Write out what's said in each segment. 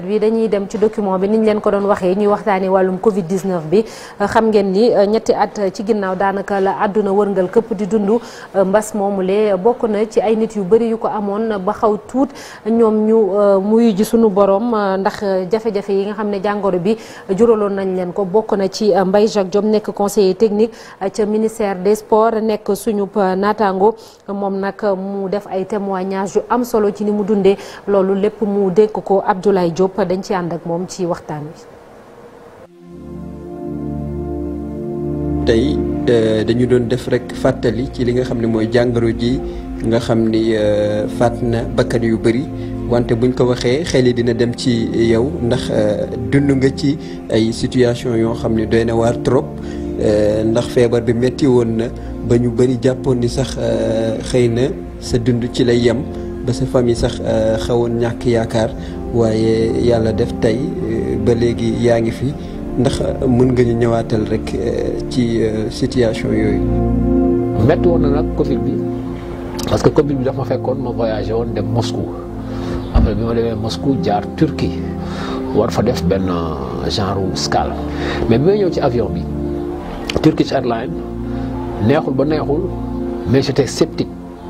bi dañuy dem ci document bi niñ leen ko doon waxee ñuy waxtaanee wàllum Covid 19 bi xam ngeen ni euh, ñetti at ci ginnaaw daanaka la àdduna wërngal këpp di dundu euh, mbas moomule bokk na ci ay nit yu bëri yu ko amoon ba xaw tuut ñoom ñu euh, muy ji sunu borom ndax jafe-jafe yi nga xam ne jàngoro bi juraloon nañ leen ko bokk na ci mbay Jacques Diop nekk conseiller technique ca ministère des sports nekk suñu naataango moom nag mu def ay témoignages yu am solo ci ni mu dundee loolu lépp mu dénk ko Abdoulaye Diop Diop dañ ak moom ci waxtaan wi. tey euh, dañu doon def rek fàttali ci li nga xam ne mooy jàngoro ji nga xam ni euh, faat na bakkan yu bëri wante buñ ko waxee xel yi dina dem ci yow ndax euh, dund nga ci ay situation yoo xam ne doy na waar trop ndax feebar bi metti woon na ba ñu bëri jàppoon ni sax xëy na sa dund ci lay yem ba sa famille sax xawoon ñàkk yaakaar waaye yàlla def tey euh, ba léegi yaa ngi fi ndax euh, mun nga ñu ñëwaatal rek euh, ci situation yooyu. métti na nag Covid bi parce que Covid bi dafa fekkoon ma voyagé woon dem Moscou après bi ma demee Moscou jaar Turquie war fa def benn genre escale mais bi may ñëw ci avion bi Turkish Airlines neexul ba neexul mais j'étais sceptique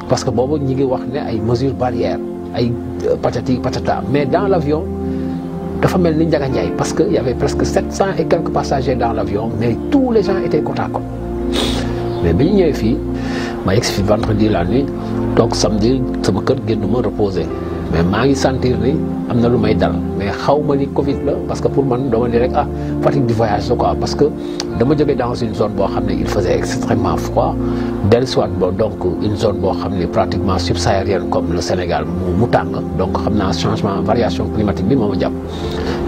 parce que boobu ñu ngi wax ne ay mesures barrières. ay euh, patati patata mais dans l' avion dafa mel ni Ndiaga Ndiaye parce que y' avait presque sept cent et quelques passagers dans l' avion mais tous les gens étaient côte à mais bi ñu ñëwee fii ma yegg fi vendredi la nuit toog sa ma kër génn ma reposer. mais maa ngi sentir ni am na lu may dal mais xaw ma ni Covid la parce que pour man dama ni rek ah fatigue du voyage la quoi parce que dama jógee dans une zone boo xam ne il faisait extrêmement froid del soit bo donc une zone boo xam ne pratiquement subsaharienne comme le Sénégal mu tàng donc xam naa changement variation climatique bi moo ma jàpp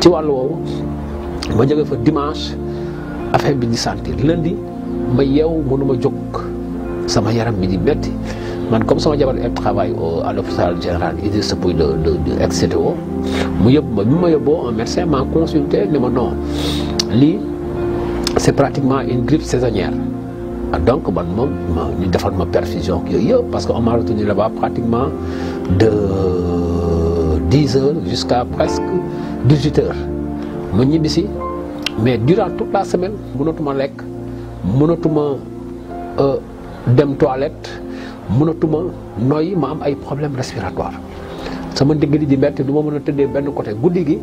ci wàllu woowu ma jógee fa dimanche affaire bi di sentir lundi ma yeew ma jóg sama yaram bi di metti man comme sama jabar a travaille à l'hôpital général Idrissa Pouye de de de et mu yëpp ma bi ma yóbboo un médecin m'a consulté ne ma non lii c'est pratiquement une grippe saisonnière. Ah, donc man moom ma ñu defal ma perfusion yooyu yëpp parce que on m'a retenu là-bas pratiquement de dix heures jusqu'à presque dix-huit ñibbisi mais durant toute la semaine mënatuma lekk mënatuma euh, dem toilette. mënatuma nooyi ma am ay problème respiratoire sama ndigg li di metti du ma mën a tëddee benn côté guddi gi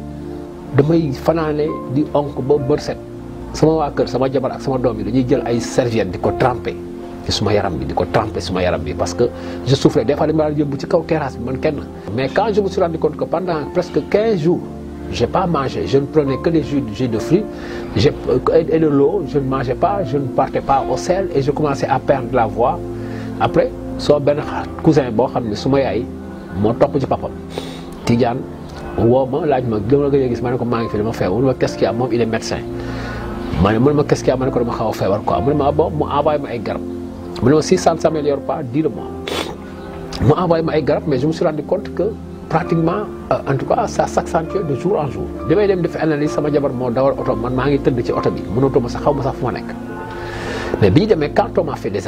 damay fanaane di onk ba bër set sama waa kër sama jabar ak sama doom yi dañuy jël ay serviette di ko tremper ci suma yaram bi di ko tremper suma yaram bi parce que je souffrais des fois dama daan yóbbu ci kaw terrasse bi man kenn. mais quand je me suis rendu compte que pendant presque 15 jours j'ai pas mangé je ne prenais que des jus de fruits j'ai et de l'eau je ne mangeais pas je ne à perdre la voix après. soo benn cousin boo xam ne su ma yaay moo topp ci papam Tidiane woo ma laaj ma gëm la gëj a gis ma ne ko maa ngi fi dama feebar ma qu'est-ce qu'il y a ne man ma qu'est-ce qu'il y a ma ko dama xaw a feebar quoi mu ne ma ah boo mu envoyé ma ay garab mu ne ma si ça ne s'améliore pas dis-le-moi mu envoyé ma ay garab mais je me suis rendu compte que pratiquement euh, en tout cas ça s'accentue de jour en jour li dem def analyse sama jabar moo dawal oto man maa ngi tëdd ci oto bi mënatuma sax xaw ma sax fu ma nekk mais bi ñu demee quand on m'a fait des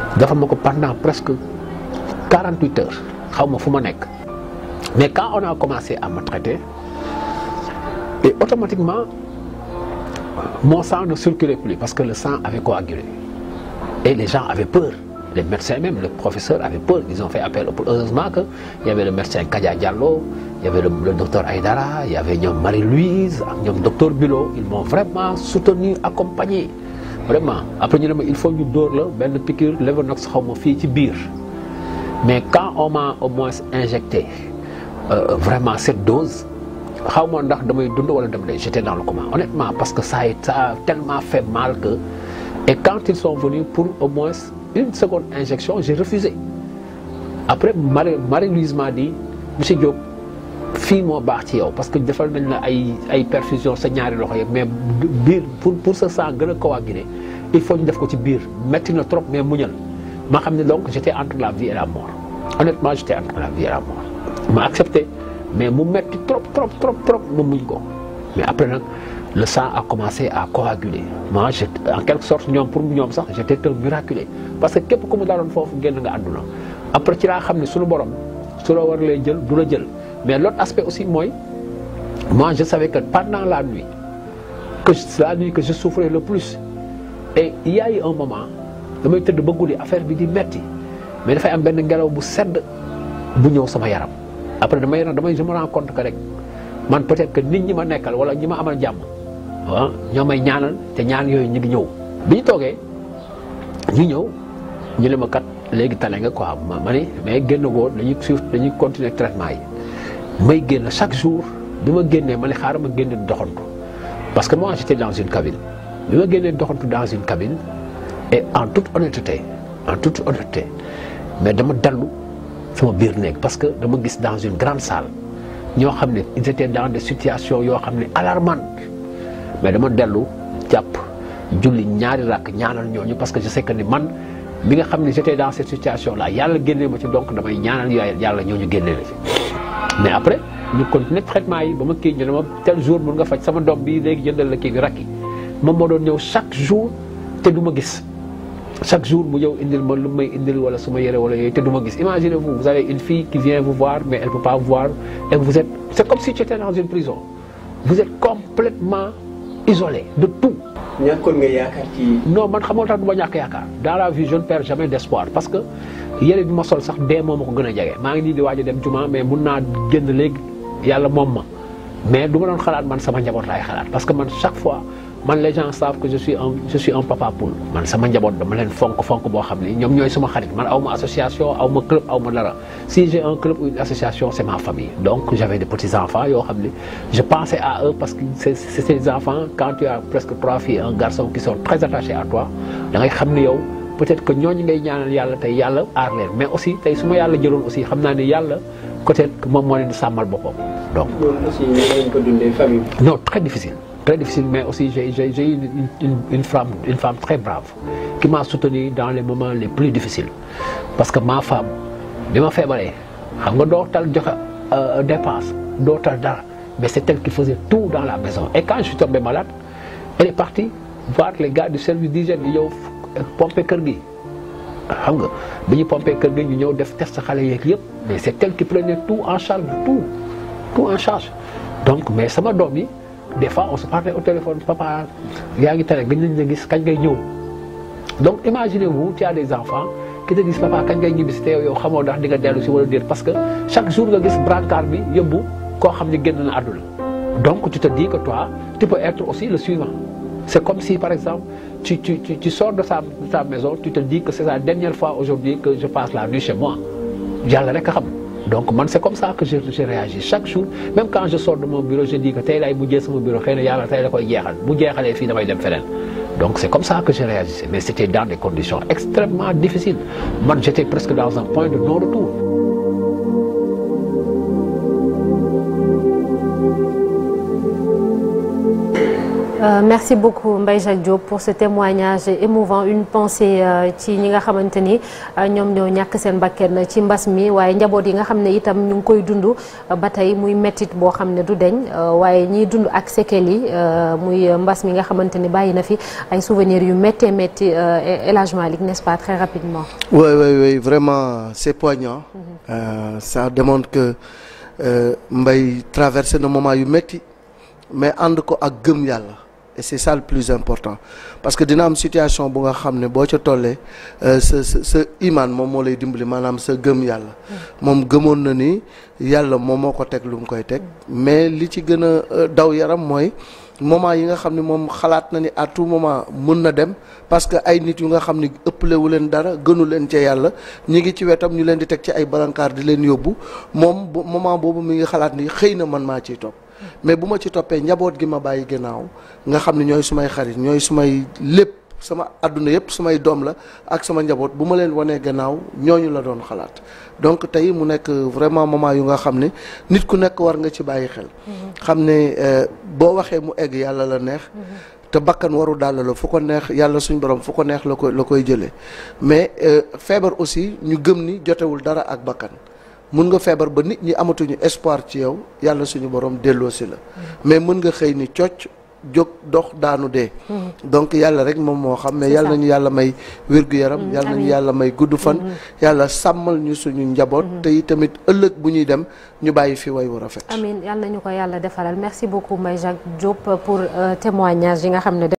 defal ma ko pendant presque quarante huit heures xaw ma fu ma nekk mais quand on a commencé à me traiter et automatiquement mon sang ne circulait plus parce que le sang avait coagulé et les gens avaient peur les médecins même le professeur avait peur ils ont fait appel heureusement que il y avait le médecin Kadia Diallo il y avait le, le docteur il y avait ñoom Marie-Louise ak ñoom docteur Bilo ils m'ont vraiment soutenu accompagné vraiment après ñu ne ma il faut ñu dóor la benn piqûre Lovenox xaw ma fii ci biir mais quand on m'a au moins injecté euh, vraiment cette dose xaw ma ndax damay dund wala dem de j'étais dans le coma honnêtement parce que ça a ça tellement fait mal que et quand ils sont venus pour au moins une seconde injection j'ai refusé après Marie Marie-Louise m'a dit monsieur Diop fii moo baax ci yow parce que defal nañ la ay ay perfusion sa ñaari loxo yeeg mais biir pour sa sang gën coaguler il faut ñu def ko ci biir métti na trop mais muñal ma xam ne donc j'étais entre la vie et la mort honnêtement j'étais entre la vie et la mort ma accepté mais mu metti trop trop trop trop ma muñ ko mais après nag le sang a commencé à coaguler moi je en quelque sorte ñoom pour ñoom sax j'étais un miraculé parce que képp ku mu daaloon foofu génn nga àdduna après ci laa xam ne suñu borom mais l'autre aspect aussi mooy moi je savais que pendant la nuit que c'est la nuit que je souffrais le plus et il y un moment damay tëdd ba guddi affaire bi di metti mais dafay am benn ngelaw bu sedd bu ñëw sama yaram après damay damay je me rends compte que rek man peut-être que nit ñi ma nekkal wala ñi ma amal jàmm ah ñoo may ñaanal te ñaan yooyu ñu ngi ñëw bi ñu toogee ñu ñëw ñu ne ma kat léegi tale nga quoi ma ma mais génn goo dañuy suivre dañuy continuer traitement yi. may génn chaque jour bi ma génnee ma ne xaaral ma génne doxantu parce que moi j'étais dans une cabine bi ma génnee doxantu dans une cabine et en toute honnêteté en toute honnêteté mais dama dellu sama biir néeg parce que dama gis dans une grande salle ñoo xam ne ils étaient dans des situations yoo xam ne alarmantes mais dama dellu jàpp julli ñaari ràkk ñaanal ñooñu parce que je sais que ni man mi nga xam ne j'étais dans cette situation là yàlla génnee ma ci donc damay ñaanal yooyu yàlla ñooñu génnee la ci. mais après kon continuer traitement yi ba ma kii ñu ma tel jour mun nga faj sama doom bii léegi jëndal la kii bi rakki moom moo doon ñëw chaque jour te du ma gis chaque jour mu ñëw indil ma lu may indil wala su yere wala yooyu te du ma gis imaginez vous vous avez une fille qui vient vous voir mais elle peut pas voir et vous êtes c'est comme si tu étais dans une prison vous êtes complètement isolé de tout. ci. non man xamoo tax du ma ñàkk yaakaar dans la vie je ne perds jamais d'espoir parce que. yére bi ma sol sax dee moo ma ko gën a jege maa ngi nii di waaj a dem juma mais mun naa génn léegi yàlla moom ma mais du ma doon xalaat man sama njaboot lay xalaat parce que man chaque fois man les gens savent que je suis un papa poule man sama njaboot dama leen fonk fonk boo xam ni ñoom ñooy sama xarit man aw ma association aw ma club aw ma dara si j'ai un club une association c'est ma famille donc j'avais des petits enfants yoo xam ni je pensais à eux parce que c'est ces enfants quand tu as presque trois filles et un garçon qui xam ni yow peut-être que ñooñu ngay ñaanal yàlla tey yàlla aar mais aussi tey su ma yàlla jëloon aussi xam naa ne yàlla peut-être que moom moo leen sàmmal boppam donc. loolu aussi ngeen très difficile très difficile mais aussi j'ai j'ai une, une une femme une femme très brave qui m'a soutenu dans les moments les plus difficiles parce que ma femme bi ma feebaree xam nga doo tal joxe euh, dépense doo tal dara mais c'est elle qui faisait tout dans la maison et quand je suis tombé malade elle partie voir les gars pompé kër gi xam nga bi ñu pompé kër gi ñu ñëw def test xale yeeg yëpp mais c' est elle qui tout en charge tout tout en donc mais sama doom yi des fois on se parlait au téléphone papa yaa ngi tere gëj nañ la gis kañ ngay ñëw donc imaginez-vous tu des enfants ki te gis papa kañ ngay ñibbi si te yow xamoo ndax di nga dellu si wala déet parce que chaque jour nga gis brancard bi yóbbu koo xam ne génn na àdduna donc tu te dis que toi tu peux être aussi le suivant C'est comme si, par exemple, tu, tu, tu, tu sors de, sa, de ta maison, tu te dis que c'est la dernière fois aujourd'hui que je passe la nuit chez moi. Donc, c'est comme ça que je, réagis. Chaque jour, même quand je sors de mon bureau, je dis que tel est mon bureau, donc c'est comme ça que j'ai réagi. Mais c'était dans des conditions extrêmement difficiles. Moi, j'étais presque dans un point de non-retour. Euh, merci beaucoup Mbaye Jacques Diop pour ce témoignage émouvant une pensée euh, ci ñi nga xamante ni euh, ñoom ñoo ñàkk seen na ci mbas mi waaye njaboot yi nga xam ne itam ñu ngi koy dund euh, ba tey muy mettit boo xam ne du deñ waaye ñii dund ak séquelles yi muy mbas mi nga xamante ni bàyyi na fi ay souvenirs yu méttee métti élage Malick n'est-ce pas très rapidement. oui oui vraiment ce poignant. Mm -hmm. euh, ça que Mbaye euh, traversé na moment yu métti mais ànd ko ak gëm yàlla. et c'est ça le plus important parce que dina am situation bu nga xam ne boo ca tollee euh, sa sa sa imaan moom moo lay dimbali maanaam sa gëm yàlla moom gëmoon na ni yàlla moom moo ko teg koy teg mais li ci gën a euh, daw yaram mooy moment yi nga xam ne moom xalaat na ni à tout moment mun na dem parce que ay nit yu nga xam ne ëppalewu leen dara gënu leen ca yàlla ñi ngi ci wetam ñu leen di teg ci ay balankaar di leen yóbbu moom moment boobu mu ngi xalaat ni xëy na man maa ciy topp mais bu ma ci toppee njaboot gi ma bàyyi gannaaw nga xam ne ñooy sumay xarit ñooy sumay lépp sama àdduna yëpp sumay doom la ak sama njaboot bu ma leen wanee gannaaw ñooñu la doon xalaat donc tey mu nekk vraiment moment yu nga xam ne nit ku nekk war nga ci bàyyi xel. Mhm. xam ne euh, boo waxee mu egg yàlla la neex. Mhm. te bakkan waru dàll la fu ko neex yàlla suñ borom fu ko neex la koy la koy jëlee mais euh, feebar aussi ñu gëm ni jotewul dara ak bakkan. mën nga feebar ba nit ñi amatuñu espoir ci yow yàlla suñu borom delloo si la mais mën nga xëy ni cocc jóg dox daanu dee donc yàlla rek moom moo xam mais yàlla nañu yàlla may wér-gu-yaram mm. yàlla nañu yàlla may gudd fan mm-hmm. yàlla sàmmal ñu suñu njaboot mm-hmm. te itamit ëllëg bu ñuy dem ñu bàyyi fi way wu rafet amiin yàlla nañu ko yàlla defaral merci beaucoup Mbaye Jacques Diop pour euh, témoignage yi nga xam ne